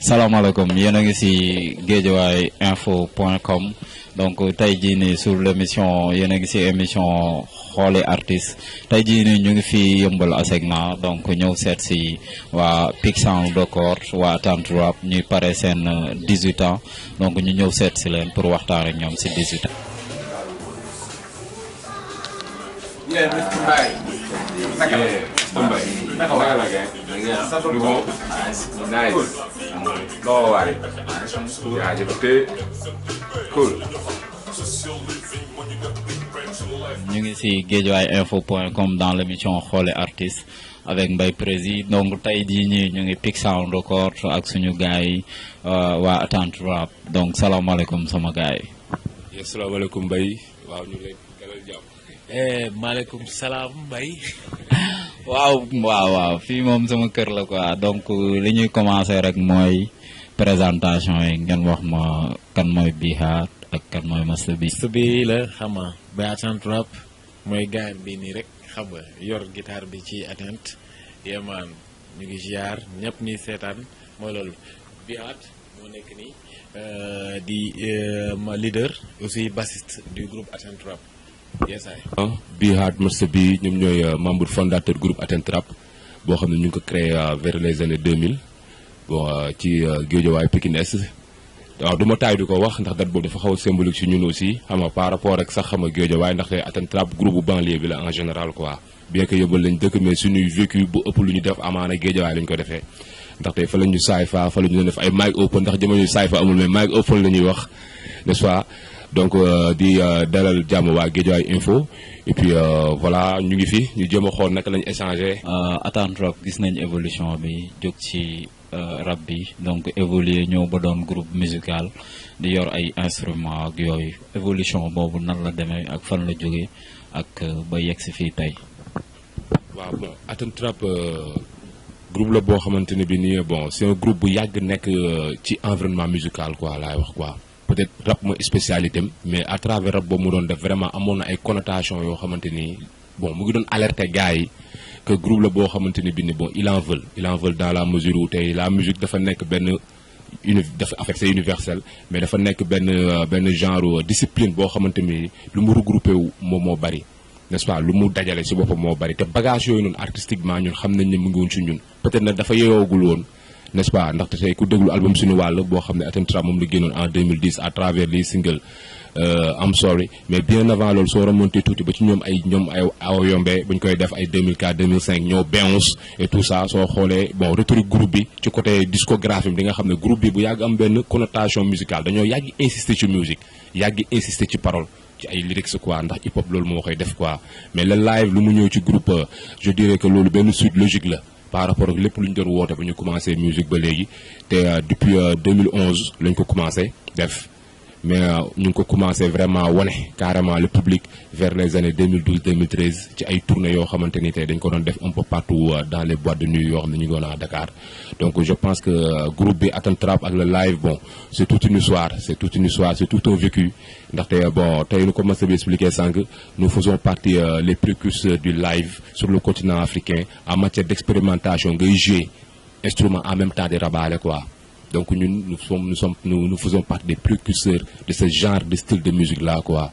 Salam alaikum. a ngi donc tey jii sur l'émission émission émission xooli artiste tey jii nii ñu ngi fi yëmbal Asegna donc ñëw seet si waa Piksan Décor waa Tante Rap ñuy pare seen 18 ans donc ñu ñëw seet si leen pour waxtaan ak ñoom 18 ans. Då var det. Jaajëf te cool. ñu ngi ci Guédiawaye info point com dans l'émission xoole artiste avec Mbaye Prési donc tey jii ñii ñu ngi Peak Sound Record ak suñu gars yi euh, waa Attente Rap donc salaamaaleykum sama gars yi. salaamaaleykum Mbaye waaw ñu ngi lay dalal jàmm. Eh, maaleykum salaam Mbaye. waaw waaw waaw fii moom sama kër la quoi donc li ñuy commencé rek mooy présentation yi ngeen wax ma kan mooy Bihaar ak kan mooy Master bi Master bi la xama nga Baatant Rap mooy gaar bi nii rek xam nga yor guitare bi ci atteinte yemaan ñu ngi ziar ñëpp nii seetaan mooy loolu Bihaat moo nekk nii euh, di euh, ma leader aussi bassiste du groupe Atteinte Rap Ah, bi Hard Marché bi ñoom ñooy euh, membre fondateur group Attentrap boo xam ne ñu ngi ko créé euh, vers les années 2000 bon euh, ci Guédiawaye Pikine Est waaw du ma taay di ko wax ndax date boobu dafa xaw a symbolique si ñun aussi xam nga par rapport ak sax xam nga Guédiawaye ndax Attentrap groupe bu banlieue bi la en général quoi bien que yóbbal lañ dëkk mais suñuy vécu bu ëpp lu ñu def amaana Guédiawaye lañ ko defee ndax fa la ñu saay fa fa la ñu def ay mic open ndax jamono saay fa amul mais mic open la ñuy wax nest donc euh, di euh, dalal jàmm wa Guédiawaye info et puis euh, voilà ñu ngi fi ñu jëm a nak naka lañ échanger. Attan Rock gis nañ évolution bi jóg ci rap bi donc évoluer ñëw ba doon groupe musical di yor ay instruments ak yoy évolution bobu nan la démé ak fan la jógee ak ba yex fi tay tey. waaw bon Attan Trap groupe la bo xamante bi ni bon c'est un groupe bu yag nek ci environnement musical quoi la wax quoi peut-être rap mooy spécialité mais à travers rap boobu def vraiment amoon na ay connotation yo xamante bon mu ngi doon alerter gars que groupe le bon xamante ni bon il en veut il en veut dans la mesure où tey la musique dafa nekk ben une en fait c'est universel mais dafa nekk ben ben genre discipline boo xamante ni lu mu regroupé wu bari n'est-ce pas lu mu dajale si pour moo bari te bagage yooyu noonu artistiquement ñun xam nañ ne mu ngi ñun peut-être nag dafa yeyoogul woon n'est-ce pas ndaxte tey ku déglu album suñu wall bo xamné tra mom en 2010 à travers les singles euh, I'm sorry mais bien avant lolu so remonté touti ba ci ñom ay ñom ay awa yombé buñ koy def ay 2004 2005 ño bounce et tout ça so xolé bon retour groupe bi ci côté discographie bi nga xamné groupe bi bu yag am ben connotation musicale dañoo yag insister ci musique yag insister ci parole ci ay lyrics quoi ndax hip hop lolu mo koy def quoi mais le live lu mu ci groupe je dirais que lolu une suite logique là par rapport à l'époque de ñu doon nous ba ñu commencé musique ba euh, depuis 2011 nous avons commencé mais euh, nous commençons commencé vraiment carrément le public vers les années 2012 2013 ci ay tournées un peu partout euh, dans les bois de New York, ni Dakar donc je pense que euh, groupe B, Attentrap, le live bon c'est toute une histoire c'est toute une histoire c'est tout un vécu bon nous faisons partie les précurseurs du live sur le continent africain en matière d'expérimentation, de jouer instrument en même temps des rabaale quoi donc nous, nous, sommes, nous, faisons partie des précurseurs de ce genre de style de musique-là. quoi.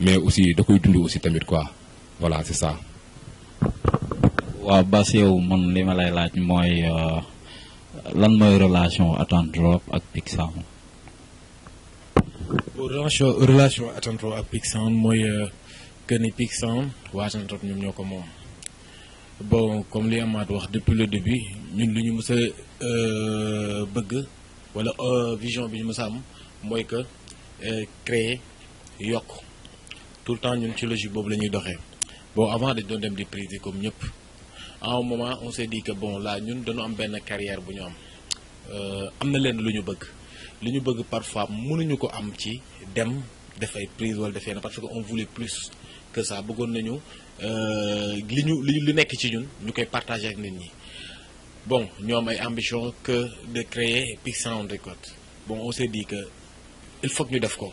mais aussi de koy dund aussi tamit quoi voilà c'est ça. waaw Bass mon man li ma euh, relation à relation relation à Rap ak euh, que ni ou à nous comment bon comme les amateurs depuis le début nous euh, vision bi que créer tout le temps ñun ci logique boobu la ñuy doxee bon avant de donner des prises prise comme nous à un moment on s'est dit que bon là nous donnons am une carrière bu nous am euh, am na leen lu ñu bëgg li ñu bëgg parfois mënuñu ko am ci dem def ay prise ou def parce qu'on voulait plus que ça beaucoup nañu nous euh, ñu li nekk ci ñun ñu koy partager ak nit ñi bon nous am ay ambition que de créer Big Sound Records bon on s'est dit que il faut que ñu def ko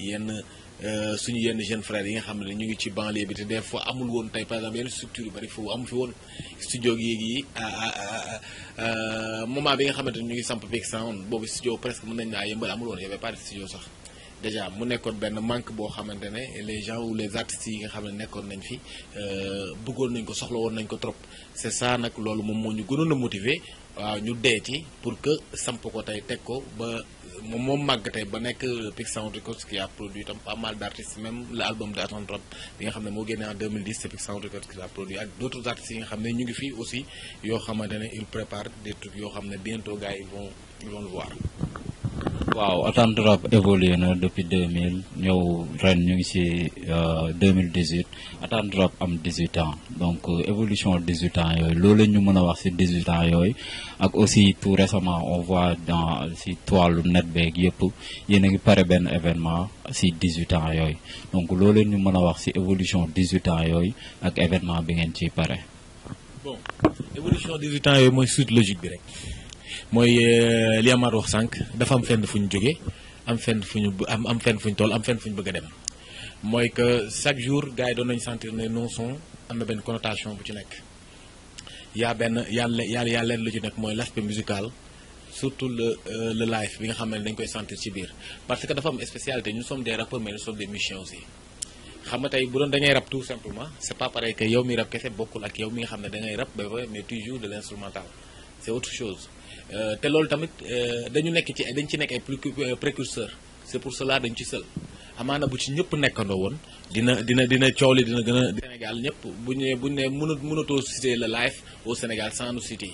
yenn euh, suñu yenn jeune frères yi nga xam ne ñu ngi ci banlieue bi te des fois amul woon tey par exemple yenn structure yu bëri foofu amu fi woon studio yéeg yi euh, moment bi nga xamante ni ñu ngi samp Big Sound boobu studio presque mën nañ naa yëmbal amul woon y avait pas de studio sax déjà mu nekkoon benn manque boo xamante ne les gens ou les artistes yi nga xam ne nekkoon nañ fi euh, bëggoon nañ ko soxla woon nañ ko trop c'est ça nag loolu moom moo ñu gënoon a motiver waaw ñu dee ci pour que samp ko tey teg ko mon magasin, est bon ba que Big Records qui a produit pas mal d'artistes même l'album album de y a bi nga xam en 2010 c'est Pixar Records qui a produit d'autres artistes il nga a ne ñu ngi aussi ils préparent des trucs ils bientôt ils vont ils vont le voir. Wow, attendre Rap évolué depuis 2000 Nous sommes ici en 2018 Attendre Rap am 18 ans donc euh, évolution 18 ans Ce nous la ñu 18 ans Yoy. aussi tout récemment on voit dans si toile net beeg il y a un événement si 18 ans donc loolu nous ñu mën a wax évolution 18 ans et l'événement événement bi ngeen ciy bon évolution 18 ans c'est une suite logique bi mooy euh, li Amar wax sank dafa am fenn fuñu joggé am fenn fuñu am am fenn fuñu toll am fenn fuñu bëgg dem que chaque jour gars yi doon nañu sentir né non son am na benn connotation bu ci nekk yaa benn yàlla yàlla yàlla leen lu ci nek moy l'aspect musical surtout le euh, le live bi nga xam dañ koy sentir ci bir parce que dafa am spécialité nous sommes des rappeurs mais nous sommes des musiciens aussi xam nga tey bu doon da ngay rap tout simplement c'est pas pareil que yow mi rap kese bokul ak yow mi nga xamné ne da ngay rap mais toujours de l'instrumental c'est autre chose euh, te lolou tamit euh, dañu nek ci dañ ci euh, précurseur c'est pour cela dañ ci seul. Sénégal bu bu mënut le life au Sénégal sans nous citer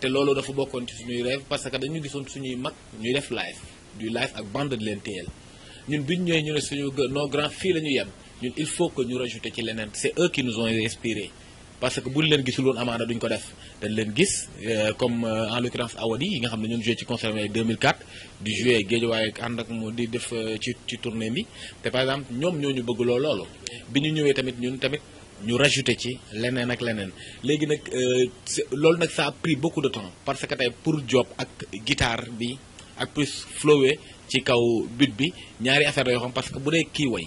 te lolou dafa ci suñuy rêve parce que dañu nous suñuy mag ñuy def du ak bande de l'NTL ñun ñu il faut que ñu rajouter ci c'est eux qui nous ont parce que boulen leen gisul woon amaana duñ ko def dañ len gis euh, comme euh, en l'occurrence Awadi yi nga xam ne joué ci concert bi 2004 du joué Guédiawaye ak ànd ak mu di def euh, ci ci tournée bi te par exemple ñom ñoo ñu bëgg lool loolu bi ñu ñëwee tamit ñun tamit ñu rajouter ci leneen ak leneen légui nak lool nak ça a pris beaucoup de temps parce que tay pour job ak guitare bi ak plus flowé ci kaw but bi ñaari affaire yo xam parce que bu dee kii way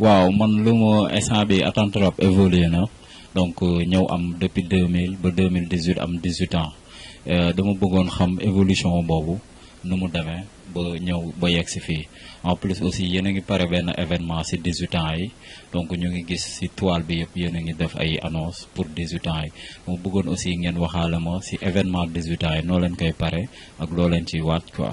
Wow, man lu ma instant bi attente rap évolué na donc euh, ñëw am depuis 2000 ba 2018 am 18 ans euh, dama bëggoon xam évolution boobu nu mu demee ba ñëw ba yegg si fii en plus aussi yéen a ngi pare benn événement si 18 ans yi donc ñu ngi gis si toile bi yëpp yéen a ngi def ay annonce pour 18 ans yi mu bëggoon aussi ngeen waxaale ma si événement 18 ans yi noo leen koy pare ak loo leen ciy waaj quoi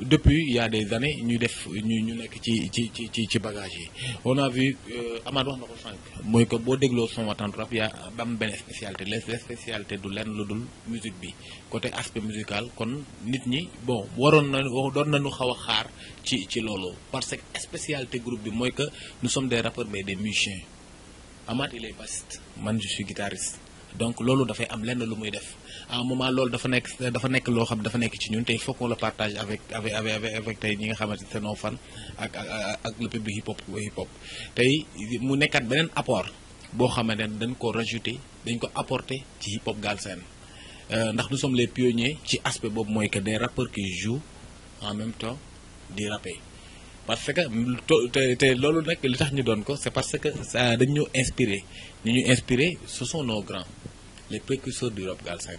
depuis il y a des années ñu def ñu ñu nekk ci ci ci ci bagage yi on a vu euh, Amadou wax na ko sànq mooy que boo dégloo son waxtaan rap yaa am benn spécialité les spécialité du lenn lu dul musique bi côté aspect musical kon nit ñi bon waroon na doon nañu xaw a xaar ci ci loolu parce que spécialité groupe bi mooy que nous sommes des rappeurs mais des musiciens Amad il est bassiste man je suis guitariste donc loolu dafay am lenn lu muy def à un moment loolu dafa nek dafa nek lo xam dafa nekk ci ñun te il faut qu'on le partage avec avec avec avec tay ñi nga xamante ne fan ak ak le public hip hop hip hop tay mu nekkaat benen apport bo xamante dañ ko rajouter dañ ko apporter ci hip hop gal sen euh ndax nous sommes les pionniers ci aspect bob moy que des rappeurs qui jouent en même temps des rapper parce que te te loolu nag li tax ñu don ko c'est parce que ça dañ ñu inspirer ñu inspirer ce sont nos grands les précurseurs du rap gal sen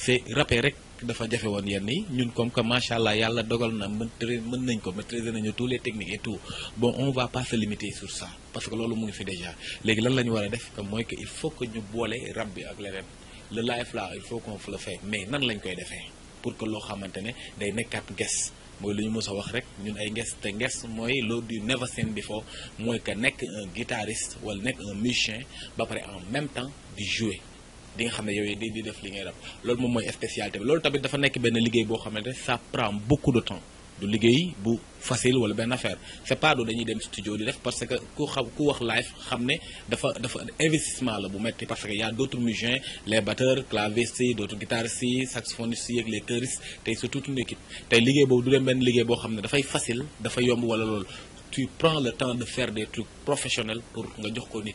c'est rappel rek dafa jafé won yenn yi ñun comme que machallah yalla dogal na mën nañ ko maîtriser nañu tous les techniques et tout bon on va pas se limiter sur ça parce que lolu mu ngi fi déjà légui lan la wara def comme moy que il faut que ñu bolé rabbi ak leneen le live là il faut qu'on le fait mais nan lañ koy défé pour que lo xamante ne day nekkaat nges moy lu ñu mës wax rek ñun ay nges te nges moy loolu du never seen before moy que nek un guitariste wala nek un musicien ba pare en même temps di jouer di nga xam ne yow di di def li ngay def loolu moom mooy spécialité dafa ça prend beaucoup de temps du liggéey bu facile wala benn affaire c'est pas du dañuy dem studio di def parce que ku xam ku wax live xam ne dafa dafa investissement la bu metti parce que y a d'autres musiciens les batteurs clavistes d'autres guitaristes saxophonistes y ak les choristes tey c'est toute une équipe tey liggéey boobu du dem benn liggéey boo xam ne dafay facile dafa yomb wala loolu tu prends le temps de faire des trucs professionnels pour que tu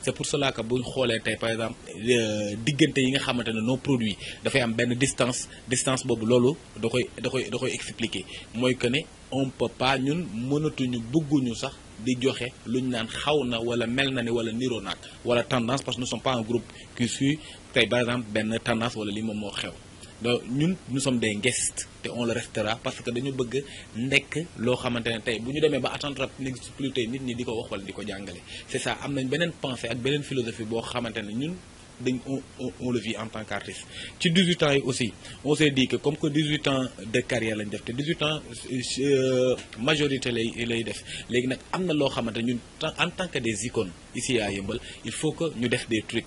c'est pour cela que si ñu par exemple euh, nos produits une distance distance expliquer ne on peut pas nous, monotonie beaucoup tendance parce que nous sommes pas un groupe qui suit par exemple tendance ou li donc ñun nous sommes des guests et on le restera parce que nous bëgg ndekk ce xamante ne tey bu ñu ba attendre rap n'existe plus tey nit ñi di wax wala c'est ça am nañ beneen pensée ak beneen philosophie boo xamante ñun dañ on on le vit en tant qu'artiste ci 18 ans aussi on s'est dit que comme que 18 ans de carrière lañ 18 ans euh, euh, majorité lay lay def léegi nag am en tant que des icônes ici à Yeumbeul il faut que nous def des trucs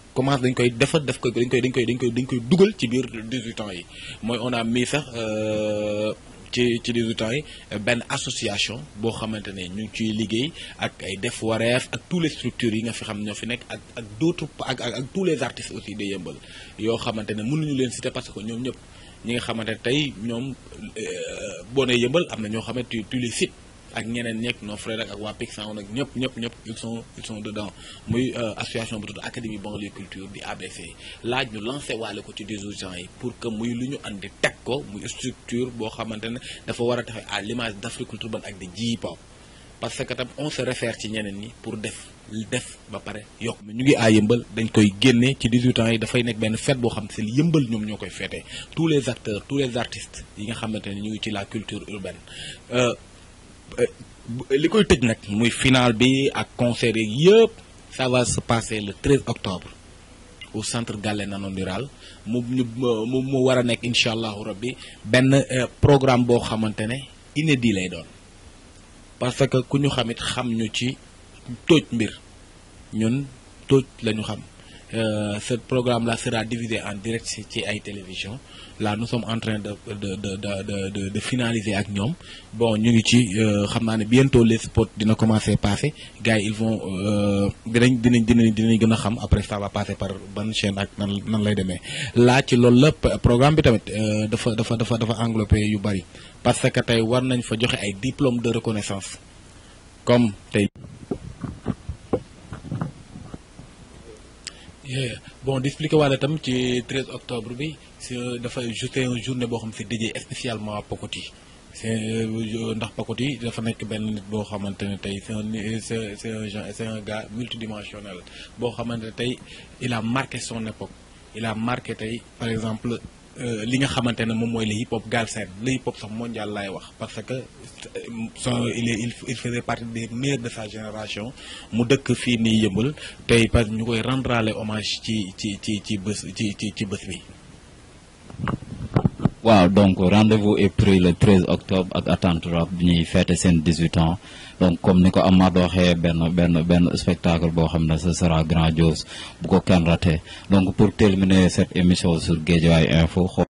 commence dañ koy def def ko dañ koy dañ koy dañ koy dañ koy dugal ci biir 18 ans yi moy on a mis sax euh, ci ci 18 ans yi ben association bo xamantene ñu ci liggéey ak ay def wareef ak tous les structures yi nga fi xam ñoo fi nekk ak ak d'autres ak ak tous les artistes aussi de yembal yo xamantene mënu ñu leen citer parce que ñom ñep ñi nga xamantene tay ñom ñoom euh, boo nee yëmbal am na ñoo xamante tu les cites ak ñeneen ñekk nos frères ak waa PECSAO nag ñëpp ñëpp ñëpp ils sont ils sont dedans muy euh, association bu tudd académie banlieue culture di ABC laaj ñu lancé waale ko ci dirigeants yi pour que muy luñu andi tek ko muy structure bo xamantene dafa wara taxé à l'image d'Africulture Ban ak de J-POP parce que tam on se réfère ci ñeneen ni pour def def ba paré yok yokk ñu ngi à yëmbal dañ koy génné ci 18 ans yi fay nek ben fête bo xam ne yembal ñom ñokoy koy tous les acteurs tous les artistes yi nga xamantene ñu ci la culture urbaine euh euh, li koy tëj nag final bi ak concert yi ça va se passer le 13 octobre au centre Galéna non rural mu ñu mu mu war a nekk incha euh, programme boo xamante ne inédit lay doon parce que ku ñu xamit xam ñu ci tóoj mbir ñun tóoj la ñu xam euh, ce programme-là sera divisé en direct ci ay télévision là nous sommes en train de de de de de, de finaliser avec ñoom bon ñu ngi ci euh, bientôt les spots dina commencer passer gars ils vont Euh, dinañ dinañ dinañ gën a xam après ça va passer par ban chaîne ak nan nan lay demee laa ci loolu programme bi tamit euh, dafa dafa dafa dafa englobé yu bari parce que tey war nañ fa joxe ay diplôme de reconnaissance comme tey Eh, bon di expliqué waale tam ci 13 octobre bi si dafa juste un journée boo xam si dédié spécialement Pocoti euh, ndax Pocoti dafa nekk benn nit boo xamante ne tey c'est un c'est un gars multidimensionnel boo xamante ne tey il a marqué son époque il a marqué tey par exemple Euh, li nga xamante ne moom mooy le hip hop galsen le hip hop sax mondial lay wax parce que euh, son il est il faisait partie des meilleurs de sa génération mu dëkk fii nii yëmbal tey parce que ñu koy rendrale hommage ci ci ci ci bés ci ci ci bés bi waaw donc rendez-vous est pris le 13 octobre à Attente Rap bi fête 18 ans donc comme nous ko dit, waxee ben, ben spectacle ce sera grandiose beaucoup ko raté donc pour terminer cette émission sur Guédiawaye Info